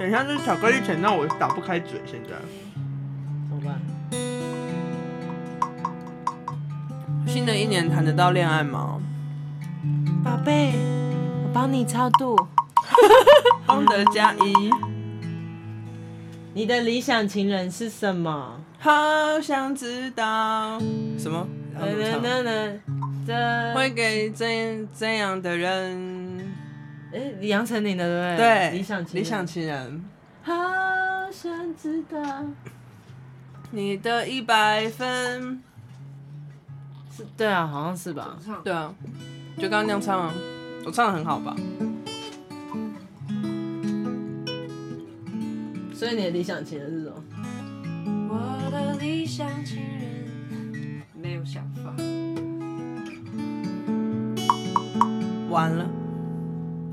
等一下，這巧克力甜到我打不開嘴，現在怎麼辦？新的一年談得到戀愛嗎？寶貝，我幫你超度。功 德加一。 你的理想情人是什麼？好想知道。什麼？會、啊、給怎怎樣，樣的人？哎，楊丞琳的對不對？對，理想情人。理想情人。好想知道你的一百分是？對啊，好像是吧？對啊，就、嗯、剛剛那樣唱，嗯、我唱的很好吧？所以你的理想情人是什麼？我的理想情人沒有想法。完了。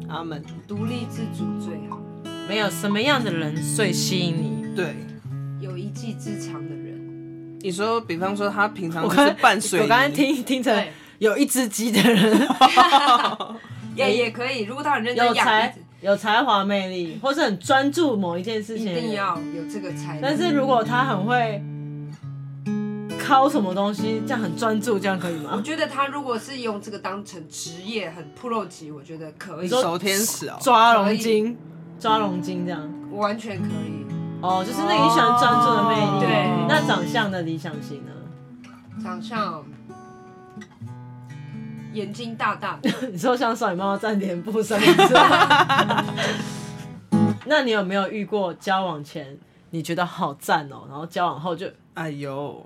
他們獨立自主最好，沒有什麼樣的人最吸引你？對，有一技之長的人。你說，比方說他平常我剛半我剛才聽聽成有一隻雞的人，也也可以。如果他很認真有才，有才華、魅力，或是很專注某一件事情，一定要有這個才。但是如果他很會。掏什麼東西？這樣很專注，這樣可以嗎？我覺得他如果是用這個當成職業，很 pro 級，我覺得可以。手天使哦，抓龍筋，可以，抓龍筋這樣，完全可以。哦，oh, 就是那你喜歡專注的魅力。Oh, 對，那長相的理想型呢？長相，眼睛大大的。 你說像甩貓在臉部上。那你有沒有遇過交往前你覺得好讚哦、喔，然後交往後就哎呦。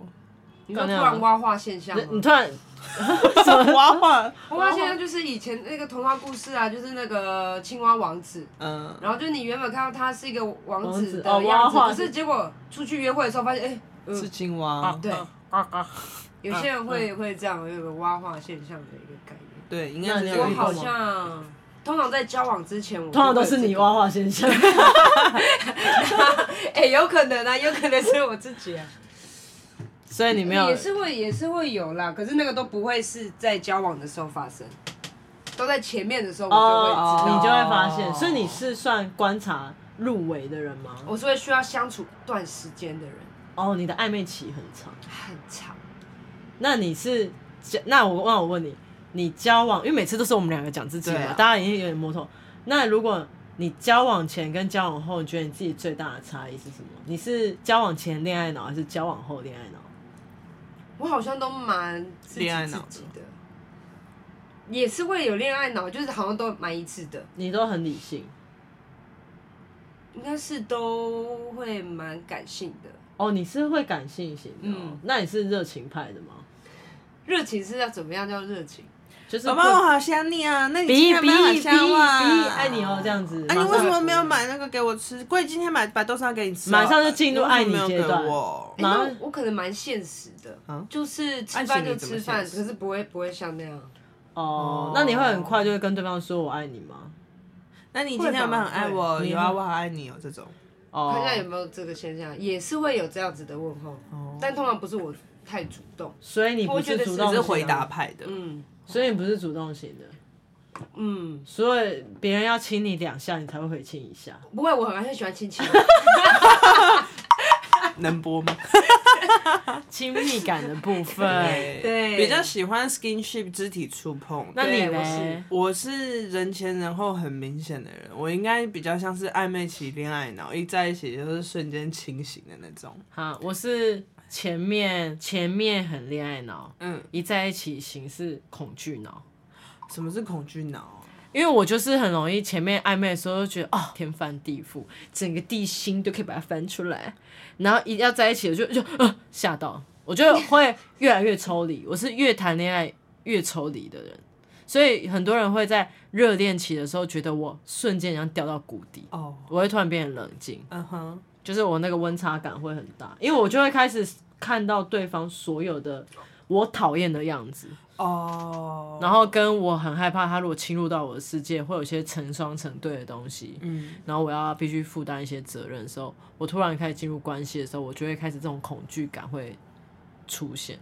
你說突然蛙化現象？你突然什麼蛙化？蛙化現象就是以前那個童話故事啊，就是那個青蛙王子。然後就你原本看到他是一個王子的樣子，可是結果出去約會的時候發現，哎，是青蛙。對。有些人會會這樣，有個蛙化現象的一個概念。對，應該。我好像通常在交往之前，我通常都是你蛙化現象。哈哈哈哈哈！哎，有可能啊，有可能是我自己啊。所以你沒有也是會也是會有啦，可是那個都不會是在交往的時候發生，都在前面的時候我就會知道，哦哦、你就會發現。所以你是算觀察入微的人嗎？我是會需要相處一段時間的人。哦，你的曖昧期很長，很長暢。那你是那我問，那我問你，你交往，因為每次都是我們兩個講自己嘛，啊、大家已經有點摸透。那如果你交往前跟交往後，你覺得你自己最大的差異是什麼？你是交往前戀愛腦，還是交往後戀愛腦？我好像都蠻自己的，戀愛腦的。也是會有戀愛腦，就是好像都蠻一致的。你都很理性？應該是都會蠻感性的。哦，你是會感性型的，嗯，那你是熱情派的嗎？熱情是要怎麼樣叫熱情？寶寶，我好想你啊！那你今天有沒有很想我？愛你哦，這樣子。哎，你為什麼沒有買那個給我吃？過幾天買白豆沙給你吃。馬上就進入愛你階段。哎，我可能蠻現實的，就是吃飯就吃飯，可是不會不會像那樣。哦，那你會很快就會跟對方說我愛你嗎？那你今天有沒有很愛我？有啊，我好愛你哦，這種。哦，看一下有沒有這個現象，也是會有這樣子的問候，但通常不是我太主動，所以你不是主動是回答派的，嗯。所以你不是主動型的，嗯，所以別人要親你兩下，你才會回親一下。不會，我很喜歡親親。 能播嗎？親 密感的部分，對，對比較喜歡 skinship 肢體觸碰。那你呢？對對我，我是人前人後很明顯的人，我應該比較像是曖昧期戀愛腦，一在一起就是瞬間清醒的那種。好，我是。前面前面很戀愛腦，嗯，一在一起形式恐懼腦。什麼是恐懼腦？因為我就是很容易前面曖昧的時候就覺得哦，天翻地覆，整個地心都可以把它翻出來。然後一要在一起就，就就呃嚇到，我就會越來越抽離。我是越談戀愛越抽離的人，所以很多人會在熱戀期的時候覺得我瞬間要掉到谷底，oh. 我會突然變得冷靜。嗯哼、uh-huh. 就是我那個溫差感會很大，因為我就會開始看到對方所有的我討厭的樣子哦，oh. 然後跟我很害怕他如果侵入到我的世界，會有一些成雙成對的東西，嗯，mm. 然後我要必須負擔一些責任的時候，我突然開始進入關係的時候，我就會開始這種恐懼感會出現。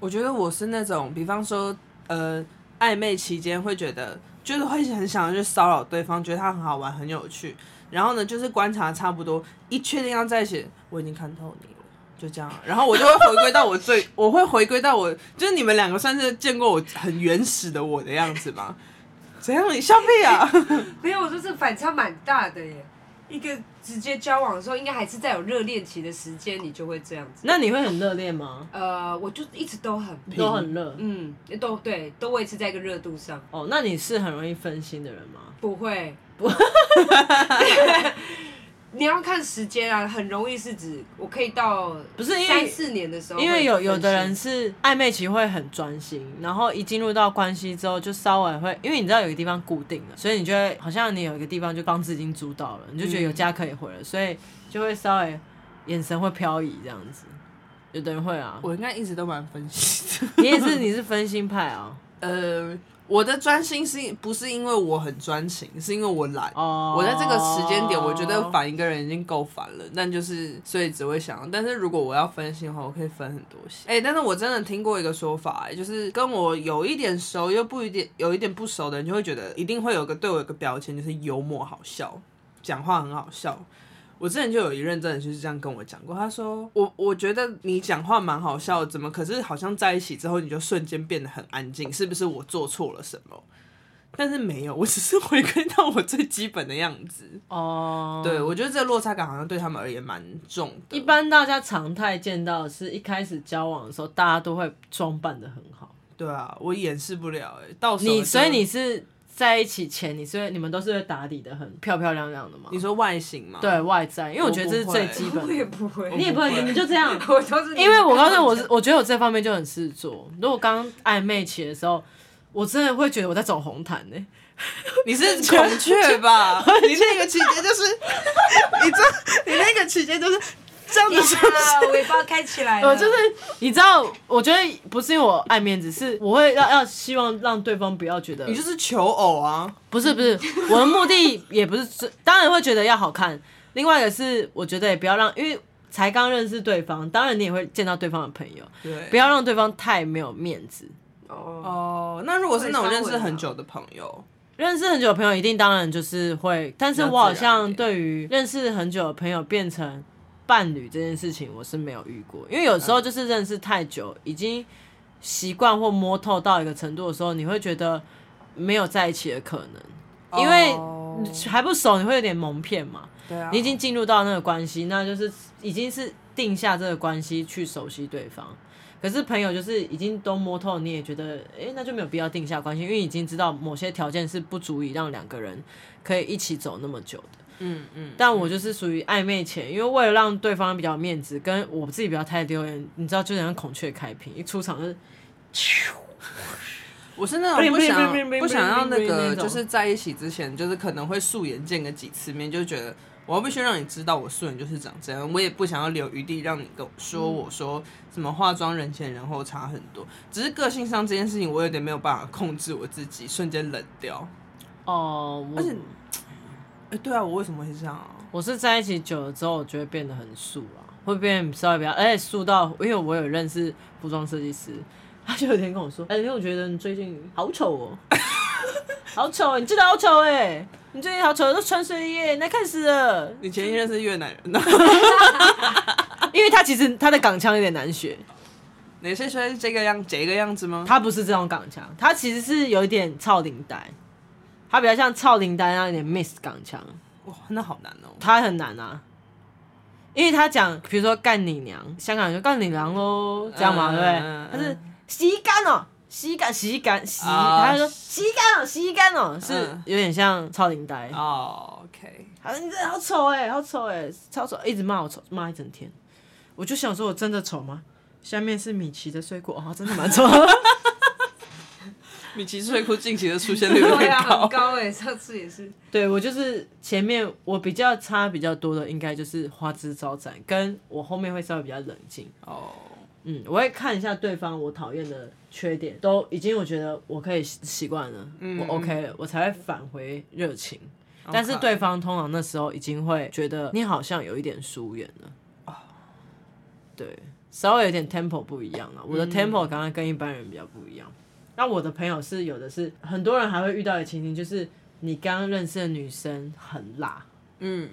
我覺得我是那種，比方說，呃，曖昧期間會覺得，就是會很想要去騷擾對方，覺得他很好玩，很有趣。然後呢，就是觀察差不多，一確定要在一起，我已經看透你了，就這樣了。然後我就會回歸到我最， 我會回歸到我，就是你們兩個算是見過我很原始的我的樣子嗎？怎樣，你笑屁啊？沒有，我說這反差蠻大的耶。一個直接交往的時候，應該還是在有熱戀期的時間，你就會這樣子。那你會很熱戀嗎？呃，我就一直都很都很熱，嗯，都對，都維持在一個熱度上。哦，那你是很容易分心的人嗎？不會。哈哈哈哈哈！不 你要看時間啊，很容易是指我可以到不是因為三四年的時候，因為有有的人是曖昧期會很專心，然後一進入到關係之後，就稍微會，因為你知道有一個地方固定了，所以你就會，好像你有一個地方就房子已經租到了，你就覺得有家可以回了，嗯、所以就會稍微眼神會飄移這樣子，有的人會啊。我應該一直都蠻分心的。 你也是，你是分心派啊、哦，呃。我的專心是不是因為我很專情，是因為我懶。我在這個時間點，我覺得煩一個人已經夠煩了，但就是所以只會想要。但是如果我要分心的話，我可以分很多心。哎，但是我真的聽過一個說法，欸，就是跟我有一點熟又不一定有一點不熟的人，就會覺得一定會有個對我有個標籤，就是幽默好笑，講話很好笑。我之前就有一任真的就是這樣跟我講過，他說我我覺得你講話蠻好笑的，怎麼可是好像在一起之後你就瞬間變得很安靜，是不是我做錯了什麼？但是沒有，我只是回歸到我最基本的樣子哦。Oh, 對，我覺得這個落差感好像對他們而言蠻重的。一般大家常態見到的是一開始交往的時候，大家都會裝扮得很好。對啊，我掩飾不了哎、欸。到時候你，所以你是。在一起前，你是你們都是會打理的，很漂漂亮亮的嗎？你說外形嗎？對外在，因為我覺得這是最基本的。我，不會我也不會，不會你也不會，你們就這樣。我是 因為我剛才我是，我 我覺得我這方面就很執著，如果剛曖昧期的時候，我真的會覺得我在走紅毯呢、欸。你是孔雀吧？你那個期間就是，你這你那個期間就是。這樣子，尾巴開起來。我就是你知道，我覺得不是因為我愛面子，是我會要要希望讓對方不要覺得。你就是求偶啊？不是不是，我的目的也不是。當然會覺得要好看。另外一個是，我覺得也不要讓，因為才剛認識對方，當然你也會見到對方的朋友。對。不要讓對方太沒有面子。哦哦，那如果是那種認識很久的朋友，認識很久的朋友一定當然就是會，但是我好像對於認識很久的朋友變成伴侶這件事情我是沒有遇過，因為有時候就是認識太久，已經習慣或摸透到一個程度的時候，你會覺得沒有在一起的可能，因為還不熟，你會有點蒙騙嘛。Oh. 你已經進入到那個關係，那就是已經是定下這個關係去熟悉對方。可是朋友就是已經都摸透，你也覺得，誒，那就沒有必要定下關係，因為已經知道某些條件是不足以讓兩個人可以一起走那麼久的。嗯嗯，但我就是屬於曖昧前，因為為了讓對方比較面子，跟我自己不要太丟人。你知道就像孔雀開屏，一出場就是，我是那種不想不想讓那個就是在一起之前，就是可能會素顏見個幾次面，就覺得我必須讓你知道我素顏就是長這樣，我也不想要留餘地讓你跟我說我說什麼化妝人前人後差很多，只是個性上這件事情我有點沒有辦法控制我自己瞬間冷掉哦，而且。哎、欸，對啊，我為什麼會這樣啊？我是在一起久了之後，我覺得變得很素啊，會變稍微比較，哎、欸、素到，因為我有，我有認識服裝設計師，他就有一天跟我說：“哎、欸，因為我覺得你最近好醜哦、喔， 好醜，你真的好醜哎、欸，你最近好醜，我都穿睡衣，哎、欸，難看死了，你前一任是越南人呢。” 因為他其實他的港腔有點難學，你是說是這個樣這個樣子嗎？他不是這種港腔，他其實是有一點操領帶。他比較像超齡呆，那一點 miss 港腔，哇，那好難哦。他很難啊，因為他講，比如說幹你娘，香港人就幹你娘咯，嗯、這樣嘛，嗯、對不對？他、嗯、是吸乾哦，吸乾、喔，吸乾，吸，他、呃、說吸乾哦，吸乾哦是有點像超齡呆哦。OK，他說你好醜哎、欸，好醜哎、欸，超醜，一直罵我醜，罵一整天。我就想說我真的醜嗎？下面是米奇的水果，哦，真的蠻醜。米奇睡褲近期的出現率有點高誒，上次也是，對我就是前面我比較差比較多的，應該就是花枝招展，跟我後面會稍微比較冷靜。哦，嗯，我會看一下對方我討厭的缺點，都已經我覺得我可以習慣了，我 OK 了，我才會返回熱情。但是對方通常那時候已經會覺得你好像有一點疏遠了。哦，對，稍微有點 tempo 不一樣了，我的 tempo 剛剛跟一般人比較不一樣。那我的朋友是有的，是很多人還會遇到的情形，就是你剛認識的女生很辣，嗯，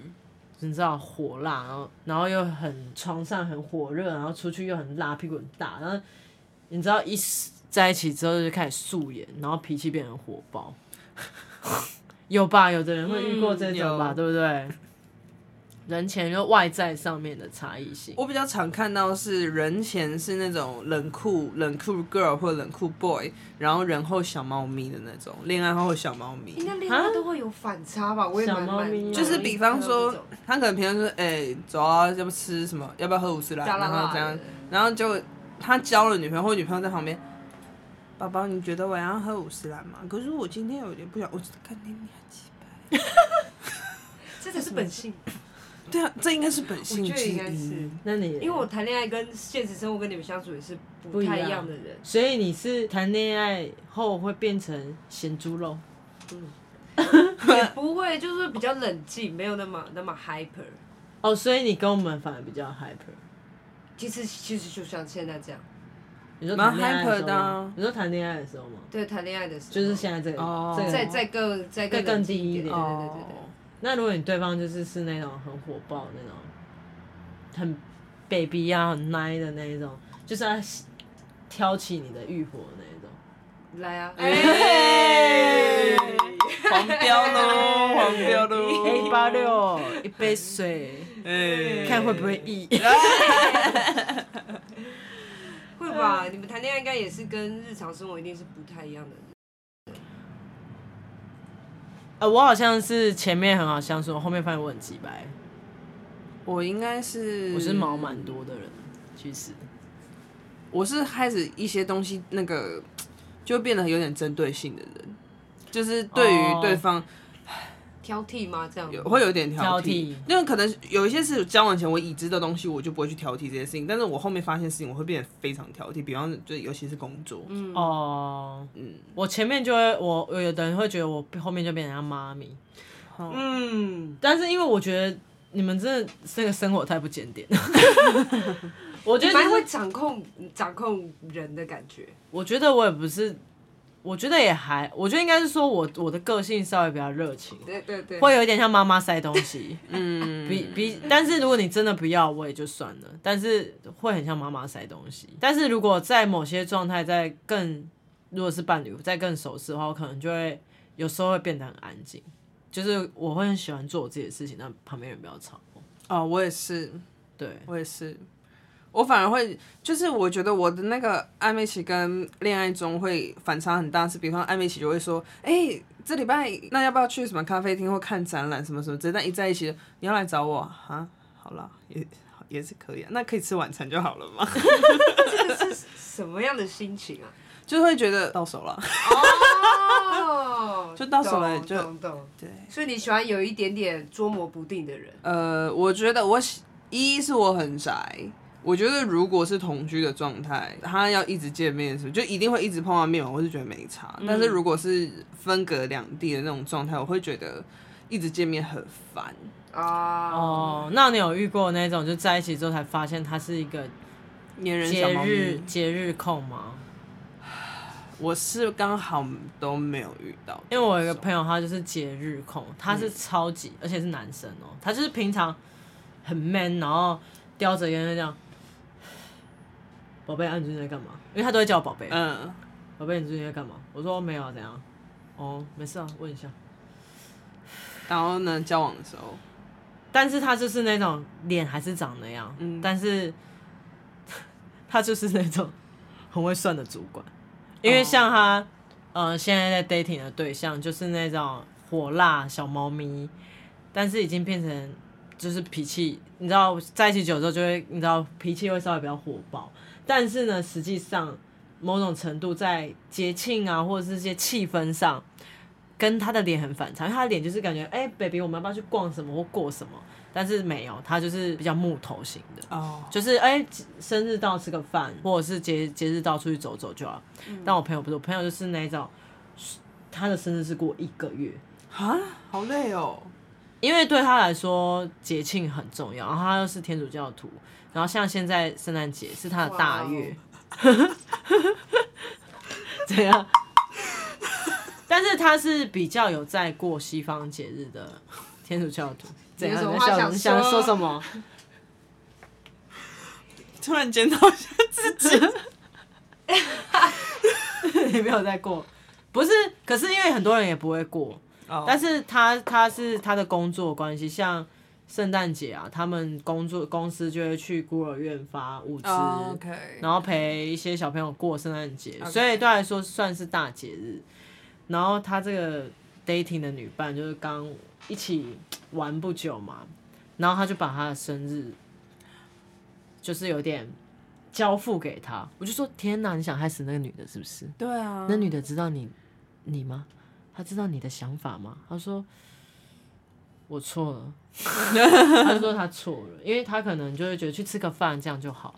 你知道火辣，然後然後又很床上很火熱，然後出去又很辣，屁股很大，然後你知道一在一起之後就開始素顏，然後脾氣變得火爆， 有吧？有的人會遇過這種吧，對不對？人前又外在上面的差異性，我比較常看到是人前是那種冷酷冷酷 girl 或冷酷 boy，然後人後小貓咪的那種戀愛後小貓咪。應該戀愛都會有反差吧？蛤我也蠻蠻就是比方說，他可能平常說，哎、欸，走啊，要不吃什麼？要不要喝五十嵐？然後這樣，的然後就他交了女朋友，或女朋友在旁邊，寶寶，你覺得我要喝五十嵐嗎？可是我今天有點不想，我這才是本性。 對啊，這應該是本性之一。應該是，那你，因為我談戀愛跟現實生活跟你們相處也是不太一樣的人，所以你是談戀愛後會變成鹹豬肉？嗯，也不會，就是比較冷靜，沒有那麼那麼 hyper。哦，所以你跟我們反而比較 hyper。其實其實就像現在這樣，你說談戀愛的時候，你說談戀愛的時候嗎？哦？對，談戀愛的時候，的時候就是現在這個，再再、哦、更再更低一點。對對對對對。哦那如果你對方就是是那種很火爆那種，很 baby 啊，很 nice 的那一種，就是要挑起你的欲火的那一種，來啊！欸欸、黃標嘍，黃標嘍，八六一杯水，欸、看會不會溢。會吧？你們談戀愛應該也是跟日常生活一定是不太一樣的。呃，我好像是前面很好相處，後面發現我很直白。我應該是我是毛蠻多的人，其實我是開始一些東西那個就變得有點針對性的人，就是對於對方。Oh. 挑剔嗎？這樣子會有一點挑剔，那因為可能有一些是交往前我已知的東西，我就不會去挑剔這些事情。但是我後面發現事情，我會變得非常挑剔。比方說，就尤其是工作，哦，嗯，呃、嗯，我前面就會，我有的人會覺得我後面就變成媽咪，哦、嗯，但是因為我覺得你們真的這個生活太不檢點， 我覺得蠻、就是、會掌控掌控人的感覺。我覺得我也不是。我覺得也還，我覺得應該是說我我的個性稍微比較熱情，對對對，會有一點像媽媽塞東西， 嗯，比比，但是如果你真的不要，我也就算了。但是會很像媽媽塞東西。但是如果在某些狀態，在更如果是伴侶，在更熟識的話，我可能就會有時候會變得很安靜，就是我會很喜歡做我自己的事情，但旁邊人不要吵哦，我也是，對，我也是。我反而會，就是我覺得我的那個曖昧期跟戀愛中會反差很大，是比方曖昧期就會說，哎、欸，這禮拜那要不要去什麼咖啡廳或看展覽什麼什麼之類，那一在一起，你要來找我啊，好了，也也是可以、啊，那可以吃晚餐就好了嘛。這個是什麼樣的心情啊？就會覺得到手了。哦 ，oh, 就到手了，懂就對。所以你喜歡有一點點捉摸不定的人？呃，我覺得我一是我很宅。我覺得如果是同居的狀態，他要一直見面，的時候，就一定會一直碰到面，我是覺得沒差。嗯、但是如果是分隔兩地的那種狀態，我會覺得一直見面很煩哦，oh, 那你有遇過那種就在一起之後才發現他是一個黏人小貓咪節日節日控嗎？我是剛好都沒有遇到，因為我有一個朋友他就是節日控，他是超級、嗯、而且是男生哦、喔，他就是平常很 man，然後叼着煙這樣。寶貝，你最近在幹嘛？因為他都會叫我寶貝、啊。嗯，寶貝，你最近在幹嘛？我說、哦、沒有啊，怎樣。哦，沒事啊，問一下。然後呢，交往的時候，但是他就是那種臉還是長那樣、嗯、但是他就是那種很會算的主管。嗯、因為像他，呃，現在在 dating 的對象就是那種火辣小貓咪，但是已經變成就是脾氣，你知道在一起久之後就會，你知道脾氣會稍微比較火爆。但是呢，實際上，某種程度在節慶啊，或者是一些氣氛上，跟他的臉很反常。因為他的臉就是感覺，哎、欸，baby，我們要不要去逛什麼或過什麼？但是沒有，他就是比較木頭型的。哦，oh. 就是哎、欸，生日到吃個飯，或者是節節日到出去走走就好，嗯、但我朋友不是，我朋友就是那種，他的生日是過一個月，哈，好累哦。因為對他來說，節慶很重要。然後他又是天主教徒。然後像現在聖誕節是他的大月， 怎樣？但是他是比較有在過西方節日的天主教徒。怎樣？你有什麼話想說？你想說什麼？突然檢討一下自己， 你沒有在過？不是，可是因為很多人也不會過。Oh. 但是他他是他的工作的關係，像聖誕節啊，他們工作公司就會去孤兒院發物資，oh, okay. 然後陪一些小朋友過聖誕節，Okay. 所以對他來說算是大節日。然後他這個 dating 的女伴就是剛一起玩不久嘛，然後他就把他的生日就是有點交付給他，我就說天哪，你想害死那個女的是不是？對啊，那女的知道你你嗎？他知道你的想法嗎？他說，我錯了。 他說他錯了，因為他可能就會覺得去吃個飯這樣就好，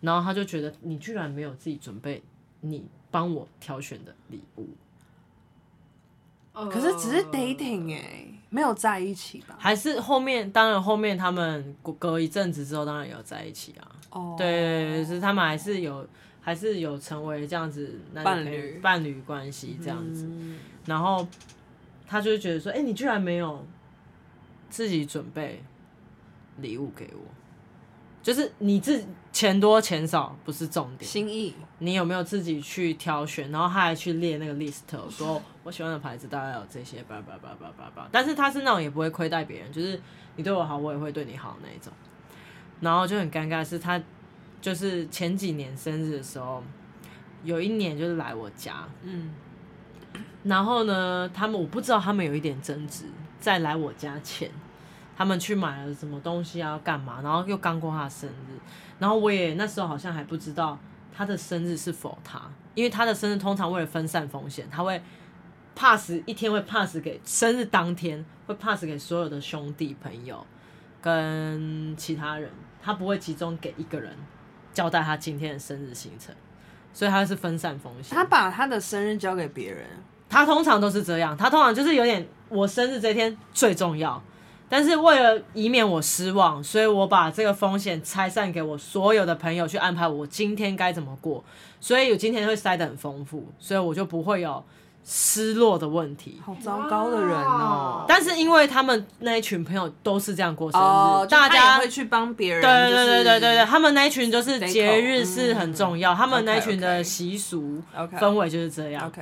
然後他就覺得你居然沒有自己準備，你幫我挑選的禮物。可是只是 dating 哎、欸，沒有在一起吧？還是後面？當然，後面他們隔一陣子之後，當然也有在一起啊。哦，oh. 對，對，對，就是他們還是有，還是有成為這樣子男女伴，侶伴侶關係這樣子。嗯。然後他就會覺得說：“哎，你居然沒有自己準備禮物給我，就是你自己錢多錢少不是重點，心意你有沒有自己去挑選？然後他還去列那個 list，說我喜歡的牌子大概有這些，叭叭叭叭叭叭。但是他是那種也不會虧待別人，就是你對我好，我也會對你好那一種。然後就很尷尬，是他就是前幾年生日的時候，有一年就是來我家，嗯。”然後呢，他們我不知道他們有一點爭執，在來我家前，他們去買了什麼東西啊？要幹嘛？然後又剛過他生日，然後我也那時候好像還不知道他的生日是否他，因為他的生日通常為了分散風險，他會 pass 一天會 pass 給生日當天會 pass 給所有的兄弟朋友跟其他人，他不會集中給一個人交代他今天的生日行程，所以他是分散風險。他把他的生日交給別人。他通常都是這樣，他通常就是有點我生日這天最重要，但是為了以免我失望，所以我把這個風險拆散給我所有的朋友去安排我今天該怎麼過，所以有今天會塞得很豐富，所以我就不會有失落的問題。好糟糕的人哦、喔！啊、但是因為他們那一群朋友都是這樣過生日，大家、哦、會去幫別人。對，對對對對對對，他們那一群就是節日是很重要，嗯嗯、他們那一群的習俗氛圍就是這樣。哦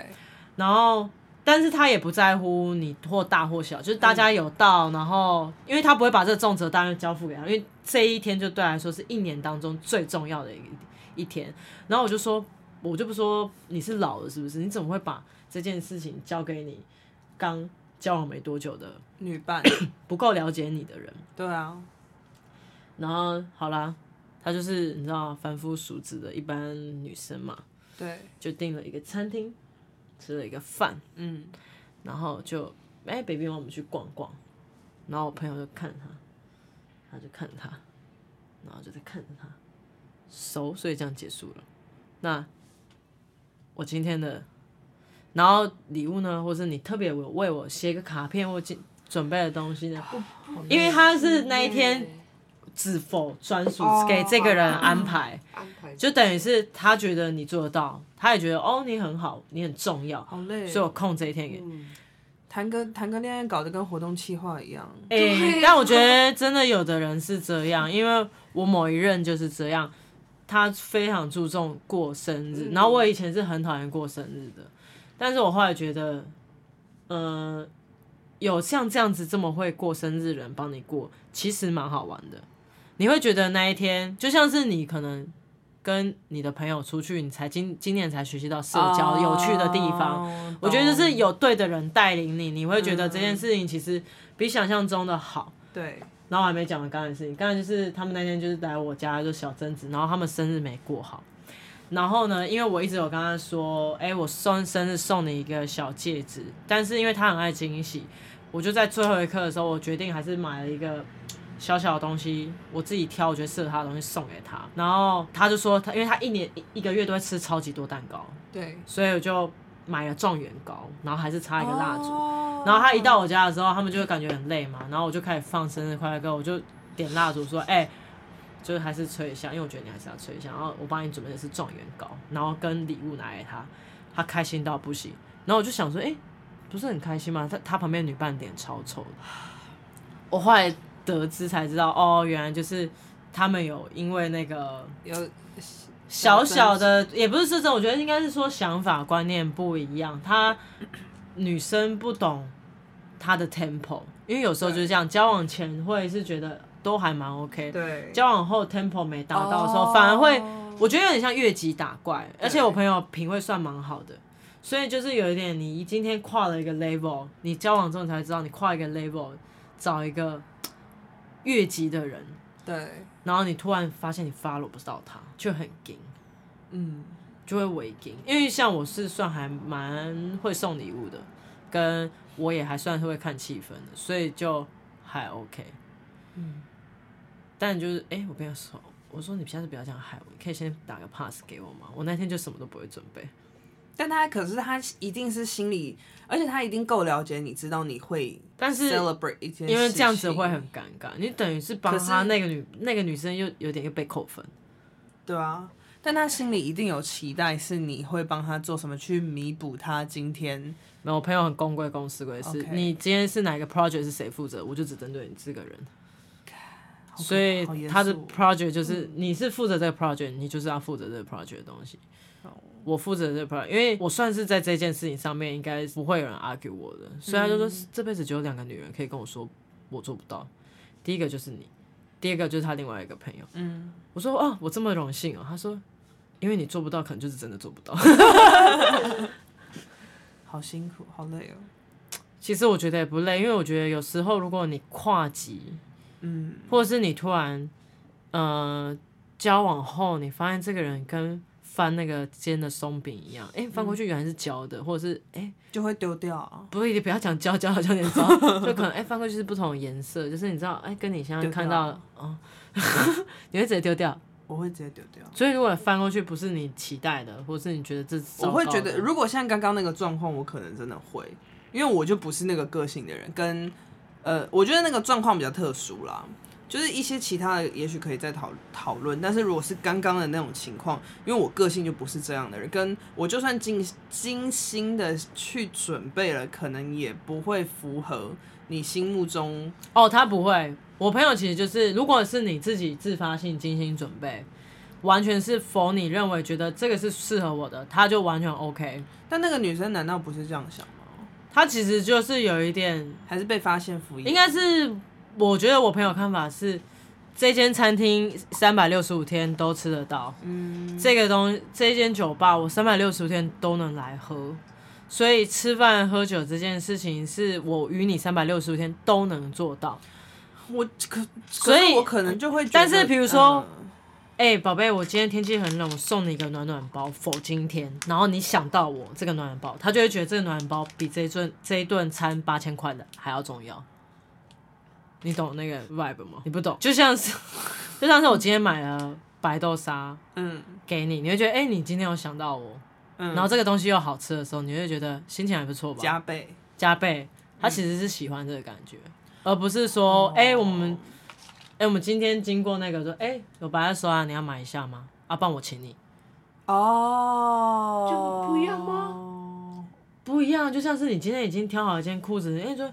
然後，但是他也不在乎你或大或小，就是大家有到，嗯、然後，因為他不會把這個重責大任交付給他，因為這一天就對來說是一年當中最重要的一一天。然後我就說，我就不說你是老了，是不是？你怎麼會把這件事情交給你剛交往沒多久的女伴？ 不夠了解你的人？對啊。然後，好啦，他就是你知道凡夫俗子的一般女生嘛，對，就訂了一個餐廳。吃了一個飯，嗯，然後就哎、欸，baby 我們去逛逛。然後我朋友就看着他，他就看着他，然後就在看着他，熟，所以這樣結束了。那我今天的，然後禮物呢，或是你特別為我寫個卡片或準準備的東西呢？不、嗯，好因為他是那一天。是否專屬給這個人安排，啊、就等於是他覺得你做得到，他也覺得哦，你很好，你很重要，好累，所以我空這一天也談個談個戀愛，搞得跟活動企劃一樣。誒、欸， 但我覺得真的有的人是這樣，因為我某一任就是這樣，他非常注重過生日，然後我以前是很討厭過生日的，但是我後來覺得，呃，有像這樣子這麼會過生日的人幫你過，其實蠻好玩的。你會覺得那一天就像是你可能跟你的朋友出去，你才今今年才學習到社交有趣的地方。Oh, 我覺得就是有對的人帶領你，你會覺得這件事情其實比想象中的好。對、嗯。然後我還沒講完剛才的事情，剛才就是他們那天就是來我家，就小貞子，然後他們生日沒過好。然後呢，因為我一直有跟他說，哎、欸，我送生日送你一個小戒指，但是因為他很愛驚喜，我就在最後一刻的時候，我決定還是買了一個。小小的東西，我自己挑，我覺得適合他的東西送給他，然後他就說他，因為他一年一一個月都會吃超級多蛋糕，對，所以我就買了狀元糕，然後還是插一個蠟燭，oh. 然後他一到我家的時候，他們就會感覺很累嘛，然後我就開始放生日快樂歌，我就點蠟燭說，哎、欸，就是還是吹一下，因為我覺得你還是要吹一下，然後我幫你準備的是狀元糕，然後跟禮物拿來給他，他開心到不行，然後我就想說，哎、欸，不是很開心嗎？他他旁邊女伴點超臭的，我後來，得知才知道哦，原來就是他們有因為那個有小小的，也不是這種，我覺得應該是說想法觀念不一樣。他女生不懂他的 tempo，因為有時候就是這樣，交往前會是覺得都還蠻 OK 的。交往後 tempo 沒達到的時候，反而會我覺得有點像越級打怪。而且我朋友品味算蠻好的，所以就是有一點，你今天跨了一個 label，你交往中才知道，你跨一個 label 找一個。越級的人，對，然後你突然發現你 follow 不到他，就很驚，嗯，就會違金。因為像我是算還蠻會送禮物的，跟我也還算是會看氣氛的，所以就還 OK，嗯。但就是，哎，我跟他說，我說你下次不要這樣害我，你可以先打個 pass 給我嗎？我那天就什麼都不會準備。但他可是他一定是心裡，而且他一定夠了解，你知道你會，但是因為這樣子會很尷尬，嗯、你等於是幫他那個女可是那個女生又有點又被扣分，對啊，但他心裡一定有期待，是你會幫他做什麼去彌補他今天沒有我朋友很公歸公私歸私，Okay. 你今天是哪一個 project 是誰負責，我就只針對你這個人，okay, 所以他的 project 就是你是負責這個 project，、嗯、你就是要負責這個 project 的東西。我負責這塊，因為我算是在這件事情上面應該不會有人 argue 我的，所以他就說這輩子只有兩個女人可以跟我說我做不到，第一個就是你，第二個就是他另外一個朋友。嗯，我說哦，我這麼榮幸哦。他說，因為你做不到，可能就是真的做不到。 好辛苦，好累哦。其實我覺得也不累，因為我覺得有時候如果你跨級，嗯，或者是你突然呃交往後，你發現這個人跟。翻那個煎的鬆餅一樣，哎、欸，翻過去原來是焦的，嗯、或者是哎、欸、就會丟掉、啊。不會，不要講焦焦，好像知道，就可能哎、欸、翻過去是不同顏色，就是你知道哎、欸，跟你現在看到的，嗯、啊，哦、 你會直接丟掉。我會直接丟掉。所以如果翻過去不是你期待的，或是你覺得這是，我會覺得如果像剛剛那個狀況，我可能真的會，因為我就不是那個個性的人，跟呃，我覺得那個狀況比較特殊啦。就是一些其他的，也許可以再討討論。但是如果是剛剛的那種情況，因為我個性就不是這樣的人，跟我就算精，精心的去準備了，可能也不會符合你心目中。哦，他不會。我朋友其實就是，如果是你自己自發性精心準備，完全是否你認為覺得這個是適合我的，他就完全 OK。但那個女生難道不是這樣想嗎？她其實就是有一點，還是被發現福音，應該是。我覺得我朋友看法是，這間餐廳三百六十五天都吃得到，嗯、這個東這間酒吧我三百六十五天都能來喝，所以吃飯喝酒這件事情是我與你三百六十五天都能做到。我可，所以我可能就會，但是比如說，哎寶貝，欸、寶貝我今天天氣很冷，我送你一個暖暖包，for 今天，然後你想到我這個暖暖包，他就會覺得這個暖暖包比這頓這一頓餐八千塊的還要重要。你懂那個 vibe 嗎？你不懂，就像是就像是我今天買了白豆沙，嗯，給你，你會覺得，哎，你今天有想到我，嗯，然後這個東西又好吃的時候，你會覺得心情還不錯吧？加倍，加倍，他其實是喜歡這個感覺，嗯，而不是說，哎，我們，哎，我們今天經過那個說，哎，有白豆沙，你要買一下嗎？啊，不然，我請你。哦，就不一樣嗎？不一樣，就像是你今天已經挑好一件褲子，因就。說。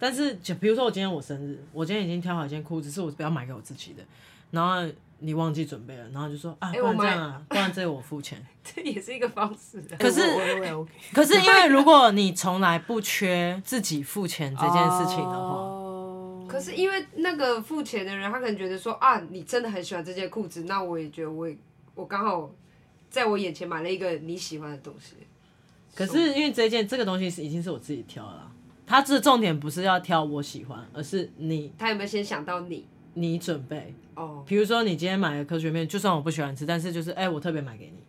但是就比如說我今天我生日，我今天已經挑好一件褲子，是我不要買給我自己的，然後你忘記準備了，然後就說啊，不然這樣啊，欸、我買不然這個我付錢，這也是一個方式的。可是， 可是因為如果你從來不缺自己付錢這件事情的話，哦、可是因為那個付錢的人，他可能覺得說啊，你真的很喜歡這件褲子，那我也覺得我也我剛好在我眼前買了一個你喜歡的東西，可是因為這件這個東西是已經是我自己挑了。他這重點不是要挑我喜歡，而是你他有沒有先想到你？你準備哦，oh. 比如說你今天買的科學麵，就算我不喜歡吃，但是就是哎、欸，我特別買給你，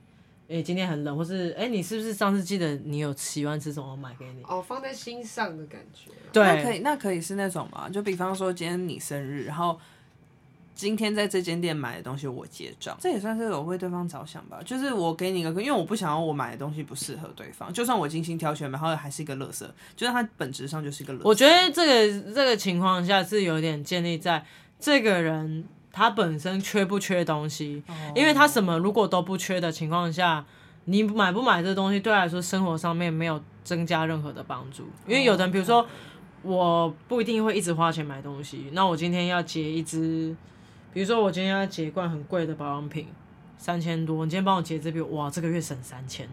哎、欸，今天很冷，或是哎、欸，你是不是上次記得你有喜歡吃什麼，我買給你哦，oh, 放在心上的感覺，對，那可以，那可以是那種吧？就比方說今天你生日，然後。今天在這間店買的東西，我結賬，這也算是我為對方着想吧。就是我給你一個，因為我不想要我買的東西不適合對方，就算我精心挑選，然後還是一個垃圾，就算它本質上就是一個垃圾。我覺得這個這個情況下是有點建立在這個人他本身缺不缺東西，oh. 因為他什麼如果都不缺的情況下，你買不買這東西，對他來說生活上面沒有增加任何的幫助。因為有人，比如說我不一定會一直花錢買東西，那我今天要結一支。比如說，我今天要結一罐很貴的保養品，三千多，你今天幫我結這筆，哇，這個月省三千，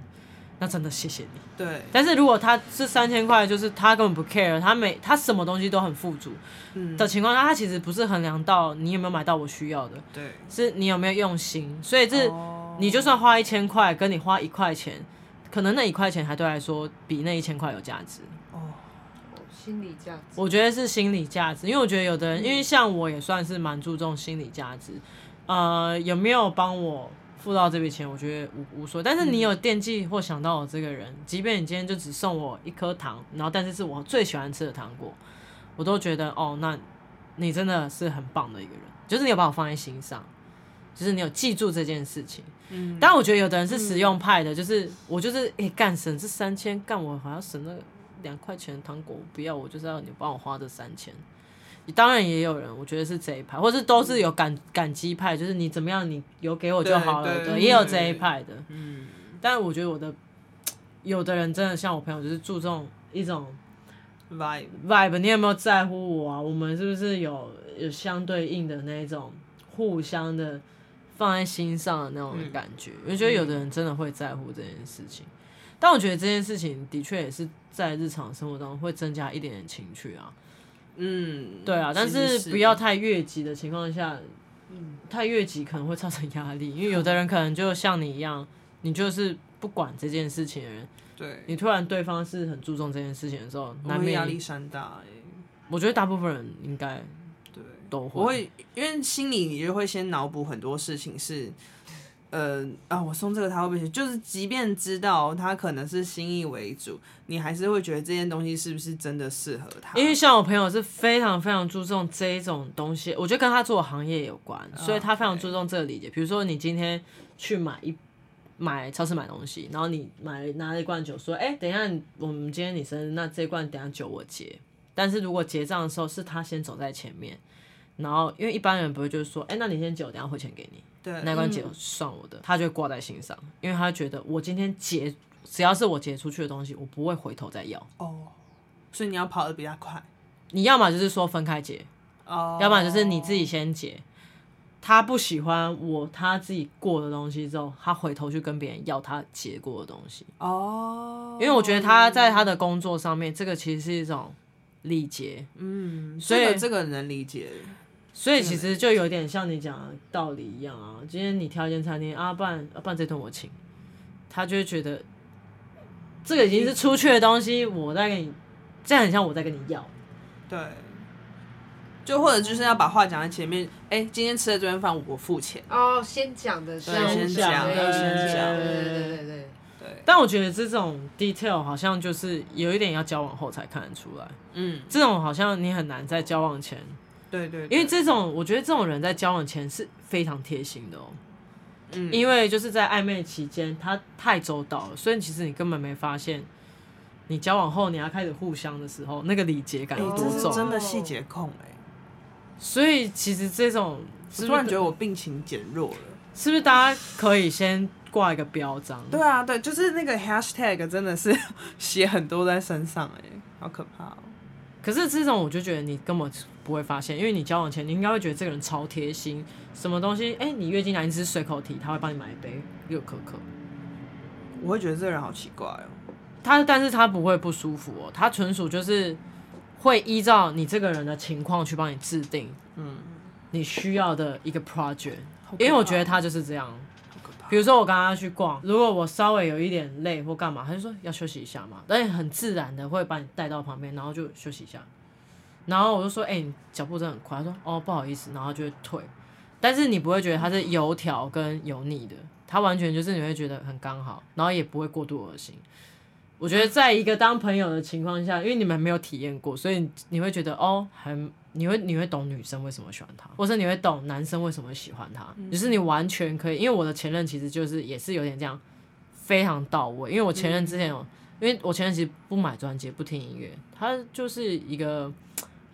那真的謝謝你。對。但是如果他是三千塊，就是他根本不 care，他每他什麼東西都很富足的情況下，嗯、他其實不是衡量到你有沒有買到我需要的，對，是你有沒有用心。所以這你就算花一千塊，跟你花一塊錢，可能那一塊錢相對來說比那一千塊有價值。心理價值，我覺得是心理價值，因為我覺得有的人，嗯、因為像我也算是蠻注重心理價值，呃，有沒有幫我付到這筆錢，我覺得無無所謂。但是你有惦記或想到我這個人，嗯、即便你今天就只送我一顆糖，然後但是是我最喜歡吃的糖果，我都覺得哦，那你真的是很棒的一個人，就是你有把我放在心上，就是你有記住這件事情。嗯、但我覺得有的人是實用派的，就是我就是哎幹、欸、省這三千，幹我好像省那個。兩塊錢的糖果不要，我就是要你幫我花這三千。你當然也有人，我覺得是這一派，或是都是有感感激派，就是你怎麼樣，你有給我就好了，也有這一派的。嗯，但我覺得我的有的人真的像我朋友，就是注重一種 vibe，vibe，Vi 你有沒有在乎我啊？我們是不是有有相對應的那種互相的放在心上的那種感覺？嗯，我覺得有的人真的會在乎這件事情。但我覺得這件事情的確也是在日常生活當中會增加一點點情趣啊，嗯，對啊，是但是不要太越級的情況下，太越級可能會造成壓力，因為有的人可能就像你一樣，你就是不管這件事情的人，對你突然對方是很注重這件事情的時候，難免壓力山大、欸、我覺得大部分人應該都會，會因為心裡你就會先腦補很多事情是。呃啊、哦，我送這個他會不會覺得就是，即便知道他可能是心意為主，你還是會覺得這件東西是不是真的適合他？因為像我朋友是非常非常注重這種東西，我覺得跟他做行業有關，所以他非常注重這個理解。Uh, okay. 比如說你今天去買一買超市買東西，然後你買拿了一罐酒說，說、欸、哎，等一下我們今天你生日，那這一罐等一下酒我結。但是如果結賬的時候是他先走在前面，然後因為一般人不會就是說，哎、欸，那你先結，我等下匯錢給你。哪關結算我的，嗯、他就掛在心上，因為他覺得我今天結，只要是我結出去的東西，我不會回頭再要。哦，所以你要跑得比他快。你要麼就是說分開結，哦，要麼就是你自己先結。他不喜歡我他自己過的東西之後，他回頭去跟別人要他結過的東西。哦，因為我覺得他在他的工作上面，這個其實是一種禮節。嗯，這個、所以這個能理解。所以其實就有點像你講的道理一樣啊，今天你挑一間餐廳啊不然，啊不然這頓我請，他就會覺得，這個已經是出去的東西，我在給你，這樣很像我在跟你要，對，就或者就是要把話講在前面，哎、欸，今天吃的這頓飯我付錢，哦，先講的，先講，先講，對對對對對對，對但我覺得這種 detail 好像就是有一點要交往後才看得出來，嗯，這種好像你很難在交往前。對，對對，因為這種對對對，我覺得這種人在交往前是非常貼心的哦、喔，嗯，因為就是在曖昧期間，他太周到了，所以其實你根本沒發現。你交往後，你要開始互相的時候，那個禮節感有多重，欸，真的細節控哎、欸。所以其實這種是是我突然覺得我病情減弱了，是不是？大家可以先掛一個標章。對啊，對，就是那個 hashtag 真的是寫很多在身上哎、欸，好可怕哦、喔。可是這種我就覺得你根本不會發現，因為你交往前你應該會覺得這個人超貼心，什麼東西哎、欸，你月經來你只是隨口提，他會幫你買一杯熱可可。我會覺得這個人好奇怪哦，他但是他不會不舒服哦，他純屬就是會依照你這個人的情況去幫你制定，嗯，你需要的一個 project。因為我覺得他就是這樣，比如說我剛剛去逛，如果我稍微有一點累或幹嘛，他就說要休息一下嘛，但是很自然的會把你帶到旁邊，然後就休息一下。然後我就說，哎、欸，你腳步真的很快。他說，哦，不好意思，然後就會退。但是你不會覺得它是油條跟油膩的，它完全就是你會覺得很剛好，然後也不會過度噁心。我覺得在一個當朋友的情況下，啊、因為你們沒有體驗過，所以你，你會覺得哦，很你會你會懂女生為什麼喜歡他，或是你會懂男生為什麼喜歡他。嗯、就是你完全可以，因為我的前任其實就是也是有點這樣，非常到位。因為我前任之前有，嗯、因為我前任其實不買專輯，不聽音樂，他就是一個。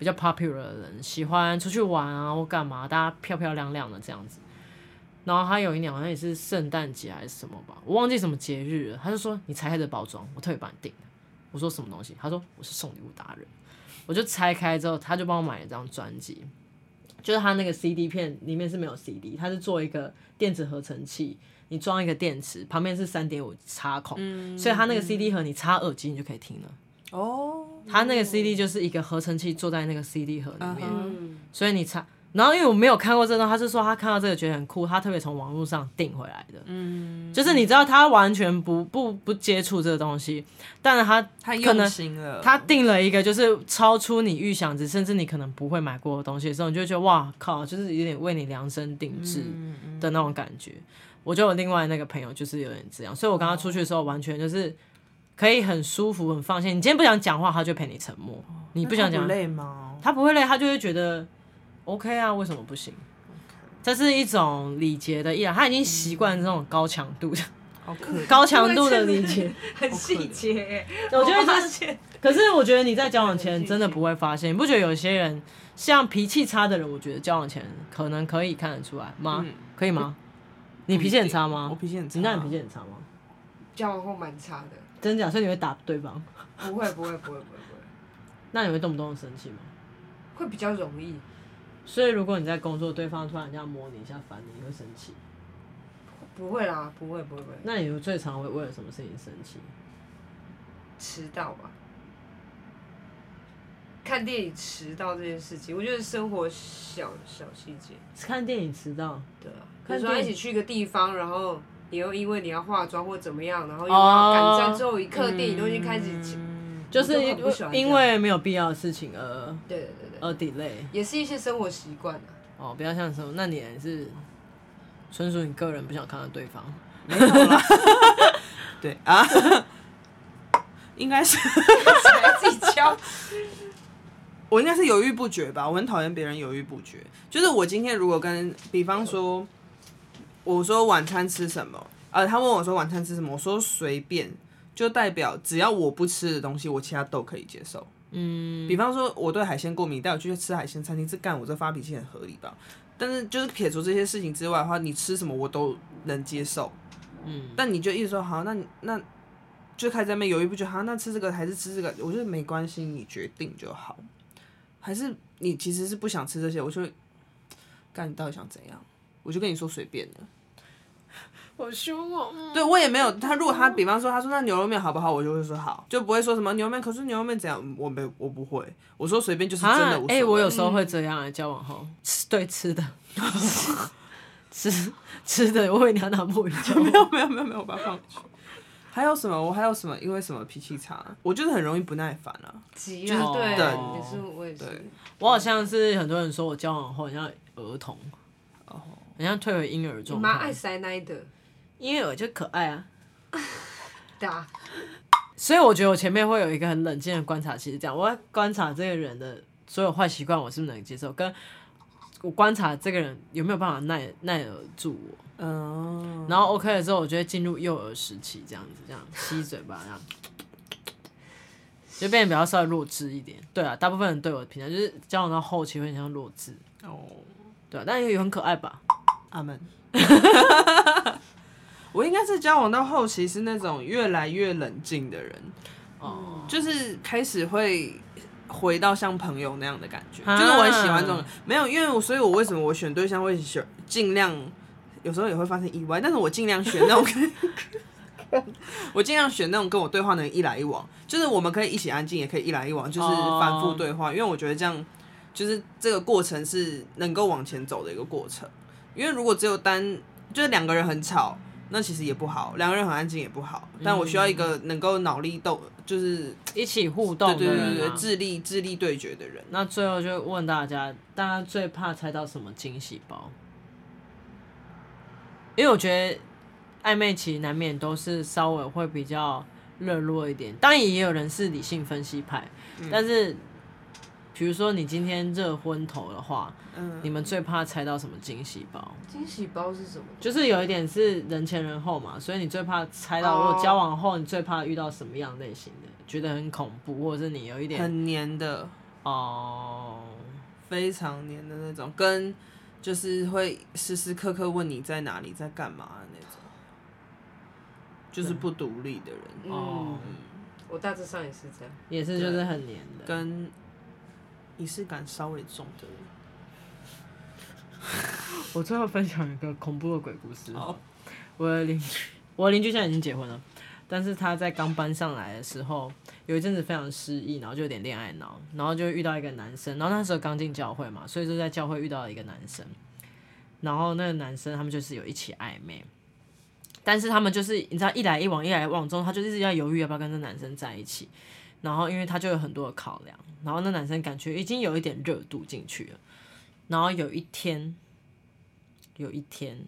比較 popular 的人喜歡出去玩啊或幹嘛，大家漂漂亮亮的這樣子。然後他有一年好像也是聖誕節還是什麼吧，我忘記什麼節日了。他就說，你拆開這包裝，我特別幫你訂的。我說，什麼東西？他說我是送禮物達人。我就拆開之後，他就幫我買了一張專輯，就是他那個 CD 片裡面是沒有 CD，他是做一個電子合成器，你裝一個電池，旁邊是三點五插孔，嗯、所以他那個 CD 盒你插耳機你就可以聽了。哦。他那個 CD 就是一個合成器坐在那個 CD 盒裡面，uh huh. 所以你才，然後因為我沒有看過這東西，他是說他看到這個覺得很酷，他特別從網絡上訂回來的。嗯、就是你知道他完全不不不接觸這個東西，但是他可能他訂了一個就是超出你預想值，甚至你可能不會買過的東西的時候，你就覺得哇靠，就是有點為你量身定制的那種感覺。嗯、我覺得我另外那個朋友就是有點這樣，所以我剛剛出去的時候完全就是。可以很舒服、很放心。你今天不想講話，他就陪你沉默。你不想講話，他不會累，他就會覺得 OK 啊。為什麼不行？這是一種禮節的意啊。他已經習慣這種高強度的、高強度的禮節，很細節。我覺得他可是我覺得你在交往前真的不會發現。你不覺得有些人像脾氣差的人，我覺得交往前可能可以看得出來嗎？可以嗎？你脾氣很差嗎？我脾氣很差，那你脾氣很差嗎？交往後蠻差的。真假？所以你會打對方？不會不會不會不會不會。不會不會不會，那你會動不動生氣嗎？會比較容易。所以如果你在工作，對方突然間摸你一下，煩你，你會生氣？不，不會啦，不會不會不會。不會，那你最常會為了什麼事情生氣？遲到吧。看電影遲到這件事情，我覺得生活小小細節。看電影遲到？對啊。比如說一起去一個地方，嗯、然後。你又因為你要化妝或怎麼樣，然後又要趕在、oh, 最後一刻，電影都已經開始，嗯、就是因為沒有必要的事情而對對對，對而 delay 也是一些生活習慣啊。哦，比較像什麼？那你還是純屬你個人不想看到對方，沒有啦。 對啊，應該是自己敲。 我應該是猶豫不決吧？我很討厭別人猶豫不決。就是我今天如果跟，比方說。Oh. 我說晚餐吃什麼？呃，他問我說晚餐吃什麼？我說隨便，就代表只要我不吃的東西，我其他都可以接受。嗯，比方說我對海鮮過敏，帶我去吃海鮮餐廳是幹我這發脾氣很合理吧？但是就是撇除這些事情之外的話，你吃什麼我都能接受。嗯，但你就一直說好，那你那就開始在那猶豫不決，好，那吃這個還是吃這個？我覺得沒關係，你決定就好。還是你其實是不想吃這些？我就幹，你到底想怎樣？我就跟你說隨便的。我說過嗎？對我也沒有。他如果他比方說他說，那牛肉麵好不好，我就會說好，就不會說什麼牛肉麵。可是牛肉麵怎樣，我沒我不會。我說隨便就是真的無所謂。哎，我有時候會這樣。交往後對吃的吃吃的，我會聊到莫名其妙。沒有沒有沒有沒有，把它放掉。還有什麼？我還有什麼？因為什麼脾氣差？我就是很容易不耐煩啊，急啊，等，也是，我也是。對對，我好像是很多人說我交往後好像兒童，哦，好像退回嬰兒狀態。你蠻愛塞奶的。因為我就可愛啊，對啊，所以我覺得我前面會有一個很冷靜的觀察期，是這樣。我要觀察這個人的所有壞習慣，我是不是能接受？跟我觀察這個人有沒有辦法耐耐得住我？嗯，然後 OK 了之後，我就會進入幼兒時期這樣子，這樣吸嘴巴這樣，就變得比較稍微弱智一點。對啊，大部分人對我的評價就是交往到後期會很像弱智哦，對啊，但也很可愛吧？阿門。 我應該是交往到後期是那種越來越冷靜的人，嗯，就是開始會回到像朋友那樣的感覺，就是我很喜歡這種沒有，因為我所以，我為什麼我選對象會選儘量，有時候也會發生意外，但是我儘量選那種，我尽量選那種跟我對話能一來一往，就是我們可以一起安靜，也可以一來一往，就是反覆對話，因為我覺得這樣就是這個過程是能夠往前走的一個過程，因為如果只有單就是兩個人很吵。那其實也不好，兩個人很安靜也不好，但我需要一個能夠腦力鬥，嗯、就是一起互動、啊、對對對對智力智力對決的人。那最後就問大家，大家最怕猜到什麼驚喜包？因為我覺得曖昧期難免都是稍微會比較熱絡一點，當然也有人是理性分析派，嗯、但是。比如說你今天熱昏頭的話，嗯、你們最怕猜到什麼驚喜包？驚喜包是什麼？就是有一點是人前人後嘛，所以你最怕猜到。如果交往後你最怕遇到什麼樣類型的？Oh. 覺得很恐怖，或者是你有一點很黏的哦，oh. 非常黏的那種，跟就是會時時刻刻問你在哪裡、在幹嘛的那種，對就是不獨立的人。哦、oh. 嗯，我大致上也是這樣，也是就是很黏的，跟。儀式感稍微重的人。 我最後分享一個恐怖的鬼故事。好，oh，我的鄰居，我的鄰居現在已經結婚了，但是他在剛搬上來的時候，有一陣子非常失意，然後就有點戀愛腦，然後就遇到一個男生，然後那時候剛進教會嘛，所以說在教會遇到了一個男生，然後那個男生他們就是有一起曖昧，但是他們就是你知道一來一往一來一往中，他就一直要猶豫要不要跟這男生在一起。然後，因為他就有很多的考量，然後那男生感覺已經有一點熱度進去了。然後有一天，有一天，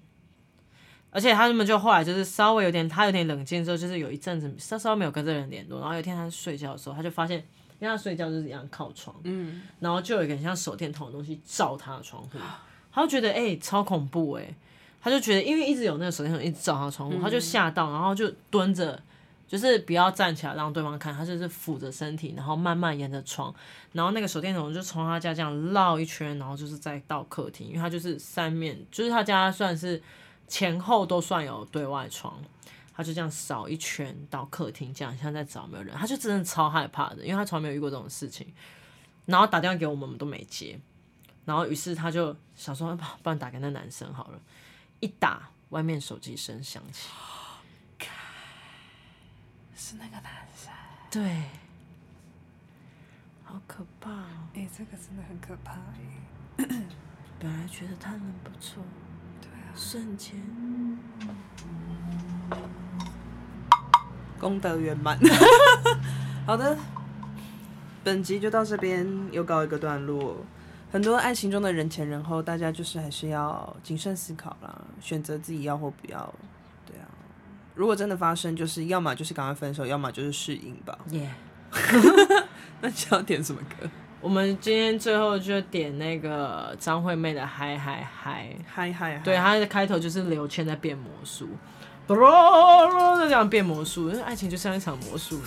而且他們就後來就是稍微有點，他有點冷靜之後，就是有一陣子稍稍沒有跟這個人聯絡。然後有一天他睡覺的時候，他就發現，因為他睡覺就是一樣靠窗，嗯，然後就有點像手電筒的東西照他的窗戶，他就覺得欸，超恐怖欸，他就覺得因為一直有那個手電筒一直照他的窗戶，他就嚇到，然後就蹲着。就是不要站起來讓對方看，他就是俯着身體，然後慢慢沿着窗，然後那個手電筒就從他家這樣繞一圈，然後就是再到客廳，因為他就是三面，就是他家算是前後都算有對外窗，他就這樣掃一圈到客廳，這樣像在找沒有人，他就真的超害怕的。因為他從來沒有遇過這種事情，然後打電話給我們，我們都沒接，然後於是他就想說，不然打給那男生好了，一打外面手機聲響起。是那個男生。對，好可怕、哦。哎、欸，這個真的很可怕、欸。 本來覺得他們不錯，對啊，瞬間、嗯、功德圓滿。 好的，本集就到這邊，又告一個段落。很多愛情中的人前人後，大家就是還是要謹慎思考啦，選擇自己要或不要。如果真的發生，就是要麼就是趕快分手，要麼就是適應吧。耶，Yeah. 那你要點什麼歌？我們今天最後就點那個張惠妹的《嗨嗨嗨》。嗨嗨嗨！對，它的開頭就是劉謙在變魔術，嗨嗨嗨就這樣變魔術，因為愛情就像一場魔術，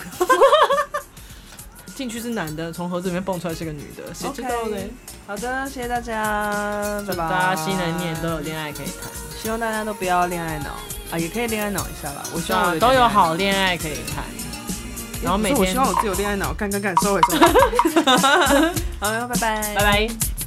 進 去是男的，從盒子裡面蹦出來是個女的，誰知道呢？Okay, 好的，謝謝大家，拜拜。大家新的一年都有戀愛可以談，希望大家都不要戀愛腦。啊，也可以戀愛腦一下吧，我希望我都有好戀愛可以談，欸、然後每天我希望我自己有戀愛腦，幹幹幹，收回收回。 好，拜拜，拜拜。